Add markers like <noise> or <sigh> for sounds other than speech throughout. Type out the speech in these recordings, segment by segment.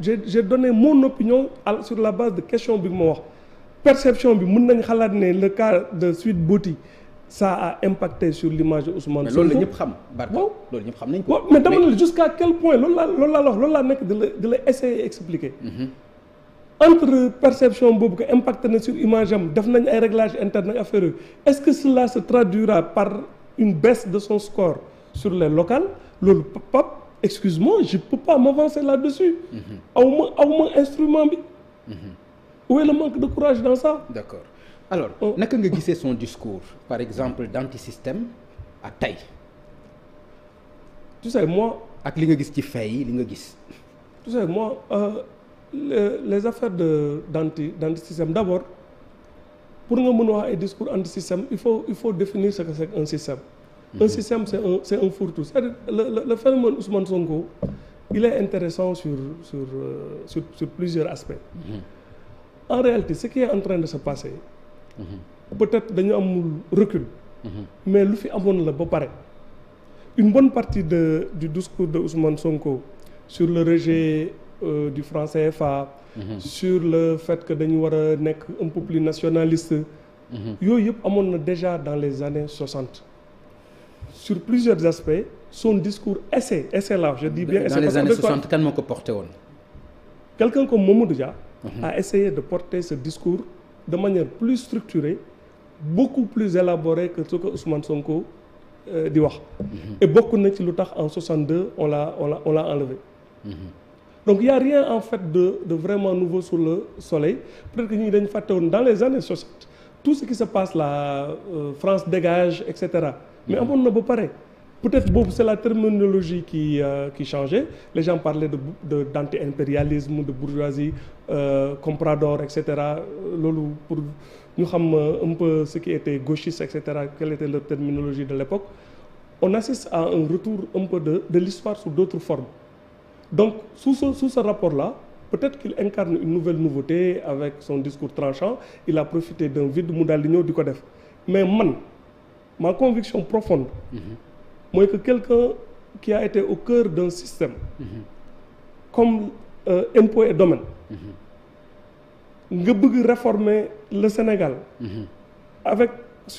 je j'ai donné mon opinion sur la base de question bi ma wax perception bi mën nañ xalaat ne le cas de Sweet Beauty ça a impacté sur l'image Ousmane Sonko. loolu la ñëpp xam. Barth loolu ñëpp xam nañ ko. mais dama ne jusqu'à quel point loolu laa loolu laa la wax loolu laa nekk mhm. boobu que impacté na sur image am def nañ ay réglages internes affaire est-ce que cela se traduira par une baisse de son score sur les locales loolu pap excuse-moi je peux pas m'avancer là-dessus. Mhm. aw ma aw ma instrument bi. Mhm. où est manque de courage dans ça. d'accord alors oh. naka nga gisee son discours par exemple d'antisystème ak tey. tu sais moi. ak li nga gis ci fay yi li nga gis. tu sais moi euh, les, les affaires de d'anti d'antisystème d'abord pour nga mën wax ay discours antisystème il faut il faut définir ce que c'est un système. un mhm. système c'est un c'est un fourre-tout dire le le phénomène Ousmane Sonko il est intéressant sur sur euh, sur, sur plusieurs aspects mhm. en réalité ce qui est en de se passer mhm. peut-être dañu amul recul mais lu fi amoon la ba pare une bonne partie de du discours de Ousmane Sonko sur le rejet euh, du franc CFA sur le fait que dañu war a nekk un peu nationaliste yooyu yëpp amoon na déjà dans les années soixante sur plusieurs aspects son discours essai essai là je dis bien essai dans les années 60 kan moo ko porté woon. quelqu'un comme Mamadou Dia. Mhm. a essayé de porter ce discours de manière plus structurée beaucoup plus élaborée que ce que Ousmane Sonko euh, di wax. Mhm. et bokk na ci lu tax en 62 on l'a on l'a on l'a mhm. donc il y rien en fait de de vraiment nouveau sous le soleil peut-être ñi dañu fàtte woon dans les années 60 tout ce qui se passe là euh, France dégage et cetera. mais amoon na ba pare peut-être boobu c'est la terminologie qui euh, qui changeait les gens parlaient de de d'anti-impérialisme de bourgeoisie euh, comprador et cetera loolu pour ñu xam euh, un peu ce qui était gauchiste et cetera quelle était leur terminologie de l'époque on assiste à un retour un peu de de l'histoire sous d'autres formes donc sous ce sous ce rapport la peut-être qu'il incarne une nouvelle nouveauté avec son discours tranchant il a profité d'un vide mou daal di ñëw di ko def mais man ma conviction profonde mooy que quelqu'un qui a été au cœur d'un système comme euh, impôt et domaine nga bëgg réformer le Sénégal avec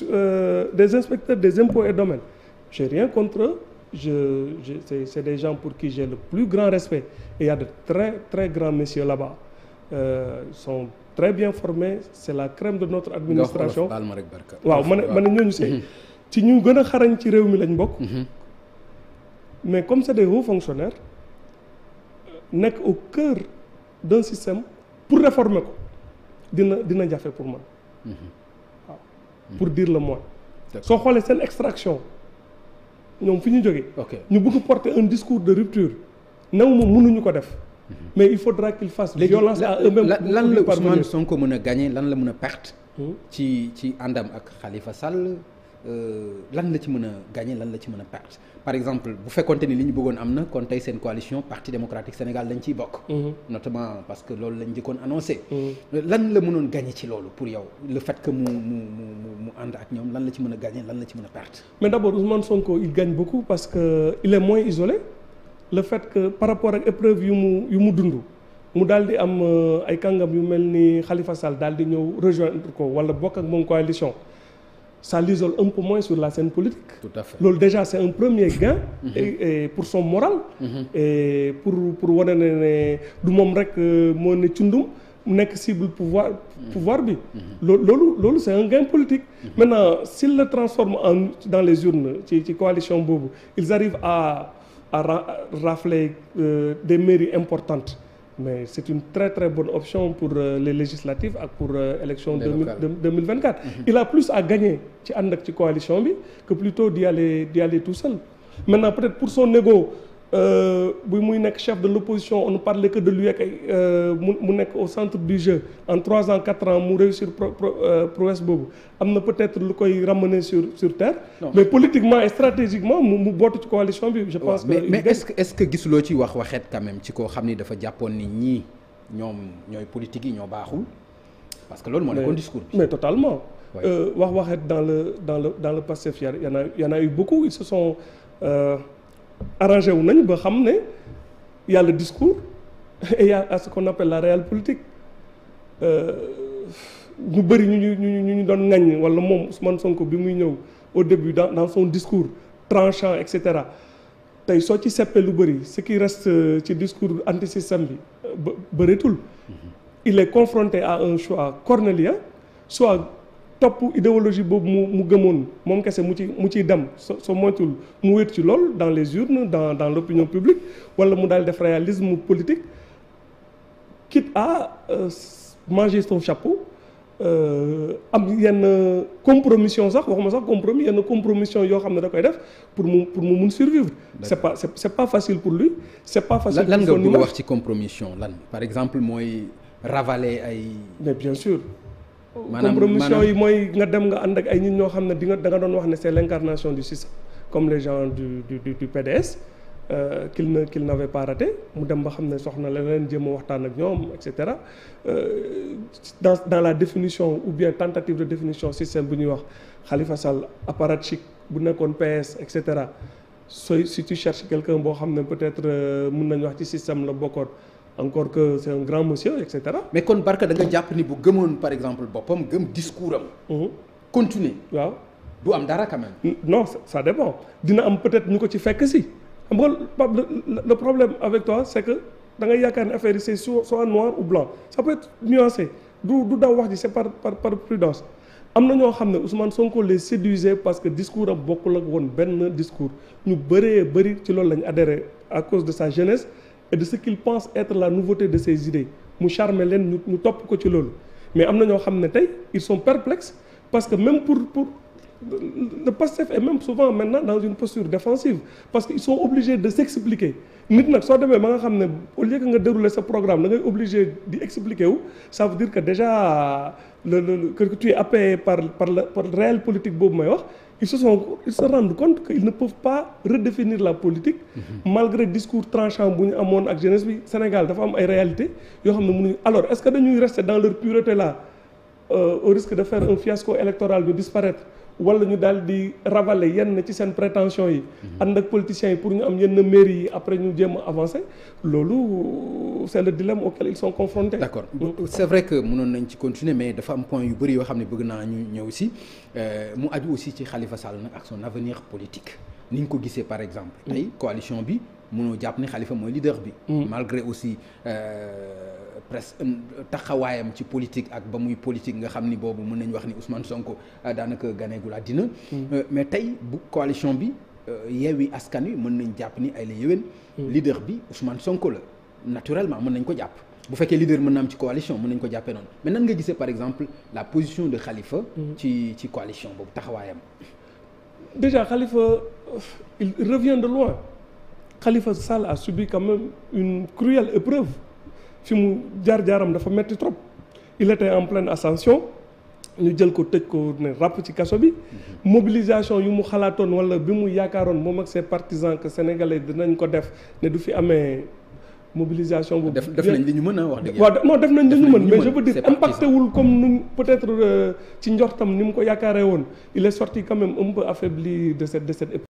euh, des inspecteurs des impôts et domaines j'ai rien contre eux je, je c'est des gens pour qui j'ai le plus grand respect et il y a de très très grands messieurs là-bas euh, sont très bien formés c'est la crème de notre administration waaw ma ne ma ne ñooñu see mhm. ci ñu gën a xarañ ci réew mi lañ bokk mhm. mais comme c'est des hauts fonctionnaires nekk au cœur d'un système pour réformer ko dina dina jafe pour man mhm. waaw pour dire le moins soo xoolee seen extraction ñoom fi ñu jógee ñu bëgg porter un discours de rupture new ma mënuñu ko def Mhm. mais il faudra qu'il fasse violence à eux-mêmes lan la Ousmane Sonko mën a gagné lan la a perte hmm? ci àndam ak Khalifa Sall euh, lan la ci mën a gagné lan la ci mën a perte par exemple bu fekkonte ni li ñu bëggoon am na kon tey seen coalition parti démocratique Sénégal lañ ciy bokk hmm. notamment parce que loolu lañ njëkkoon annoncé hmm. lan la mënoon gagné ci loolu pour yow le fait que mu mu ànd ak ñoom lan la ci mën a gagné lan la ci mën a perte mais d'abord Ousmane Sonko il gagne beaucoup parce que il est moins isolé le fait que par rapport ak épreuve yu mu yu mu dund mu daal di am euh, ay kàngam yu mel ni xalifa Sall daal di ñëw rejoindre ko wala bokk ak moom coalition ça l'isole un peu moins sur la scène politique. tout à loolu déjà c'est un premier gain. Mm-hmm. pour son moral. Mm-hmm. pour pour wane ne du moom rek euh, moo ne cundum nekk cible pouvoir mm-hmm. bi. loolu loolu c'est un gain politique. maintenant s'il le transforme en dans les urnes ci ci coalition boobu ils arrivent à rafler euh, des mairies importantes mais c'est une très très bonne option pour euh, les législatives ak pour euh, élection 2024 mhm. il a plus à gagner ci ànd ak ci coalition bi que plutôt d'y aller d'y aller tout seul maintenant peut-être pour son ego Euh, bu muy nekk chef de l'opposition on ne que de lu ak ay euh, mu mu nekk au centre du jeu en trois ans quatre ans mu réussir euh, prouesse boobu am na peut-être lu koy ramener sur sur terre. mais politiquement et mu mu bootu ci coalition bi. je pense mais est-ce que est-ce que gisuloo ci wax waxeet quand même ci koo xam ni dafa jàppoon ni ñii ñoom ñooy politique yi ñoo baaxul parce que loolu moo nekkoon discours bi. mais totalement. wax waxeet dans le dans le dans le Pastef y en a a eu beaucoup ils se sont. arrangé wu nañ ba xam ne yàlla a le discours <laughs> et il y a la réelle politique euh, ñu bëri ñu ñu ñu ñu doon ŋaññ wala moom Ousmane Sonko bi muy ñëw au début dans dans son discours tranchant et cetera tey soo ci seppee lu bëri ce qui reste euh, ci discours antisystème bi euh, ba bëreetul mm-hmm. il est confronté à un choix cornélien soit topp idéologie boobu mu mu gëmoon moom kese mu ci mu ciy dem so so moytul mu wéet ci lool dans les urnes dans dans l'opinion publique wala mu daal def réalisme politique quitte à euh, manger son chapeau euh, am yenn compromission sax waxuma sax compromis yenn compromission yoo xam ne da koy def pour mu pour mu mun survivre c'est pas c'est c'est pas facile pour lui c'est pas facile lan nga bëgg wax ci compromission lan par exemple mooy ravaler ay bien sûr maanaam compromission yi mooy nga dem nga ànd ak ay nit ñoo xam ne di nga da nga doon wax ne c'est l'incarnation du système comme le gens du du du PDS euh, qu'il ne qu'il n'avait pas raté mu dem ba xam ne soxna la leen jéem waxtaan ak ñoom et cetera euh, dans dans la définition ou bien tentative de définition système bu ñuy wax xalifa Khalifa Sall apparatchik bu nekkoon PS et cetera sooy si tu cherches quelqu'un boo xam ne peut-être euh, mun nañu wax ci système la bokkoon encore que c'est un grand monsieur et cetera. mais kon Barka da nga jàpp ni bu gëmoon par exemple boppam gëm discours am. Mhm. continuer waaw du am dara quand même. non ça dépend dina am peut-être ñu ko ci fekk si xam nga le problème avec toi c'est que da ngay yaakaar ne affaire yi c'est soit noir ou blanc ça peut être du daw wax ji c'est par par par prudence. am na ñoo xam ne Ousmane Sonko les séduisait parce que discours am bokkul ak woon benn discours ñu bëree bëri ci loolu lañu adhéré à cause de sa jeunesse. et de ce qu'il pense être la nouveauté de ses idées mu charmer leen ñu ñu topp ko ci loolu mais am na ñoo xam ne tey ils sont perplexes parce que même pour pour le PASTEF est même souvent maintenant dans une posture défensive parce que ils sont obligés de s'expliquer nit nag soo demee ba nga xam ne au lieu nga dérouler sa programme da ngay obligé di expliquer wu ça veut dire que déjà le le que tu es appelé par par la par réel politique boobu may wax ils se sont ils se rendent compte qu'ils ne peuvent pas redéfinir la politique. Mhm. malgré discours tranchant bu ñu amoon ak jeunesse bi Sénégal dafa am ay réalités yoo xam ne mu mënuñu alors est-ce que dañuy rester dans leur pureté là euh, au risque de faire un fiasco électoral de disparaître. wala ñu daal di ravaler yenn ci seen prétention yi. ànd ak politiciens yi pour ñu am yenn mairie yi après ñu jéem a loolu c'est le dilemme auquel ils sont confrontés. d'accord mm. c'est vrai que mënoon nañ ci continuer mais dafa am point yu bëri yoo xam ne bëgg naa ñu ñëw si euh, mu aju aussi ci Khalifa Sall nag ak son avenir politique ni ñu ko gisee par exemple. Mm. tey coalition bi munoo jàpp ne Khalifa mooy leader bi. Mm. malgré aussi. Euh, presque euh, taxawaayam ci politique ak ba muy politique nga xam ni boobu mën nañu wax ni Ousmane Sonko euh, daanaka ganeegul àddina mm. euh, mais tey bu coalition bi Yewwi Askan Wi mën nañ jàpp ni ay la yéwén mm. leader bi Ousmane Sonko la naturellement mën nañ ko jàpp bu fekkee leader mën na am ci coalition mën nañ ko jàppee noonu mais nan nga gisee par exemple la position de Khalifa mm. ci ci coalition boobu taxawaayam déjà Khalifa il revient de loin Khalifa Sall a subi quand même une fi mu jaar-jaaram dafa metti trop il était en pleine ascension ñu jël ko tëj ko ne ràpp ci kaso bi mobilisation yu mu xalaatoon walla bi mu yaakaaroon moom ak ses partisans que sénégalais dinañ ko def ne du fi amee mobilisation boobu def def nañ li ñu mën a wax dëgg waaw non def nañ li mën mais je veux dire comme nu peut-être euh, ci njortam ni mu ko yaakaaree woon il est sorti quand même un peu affaibli de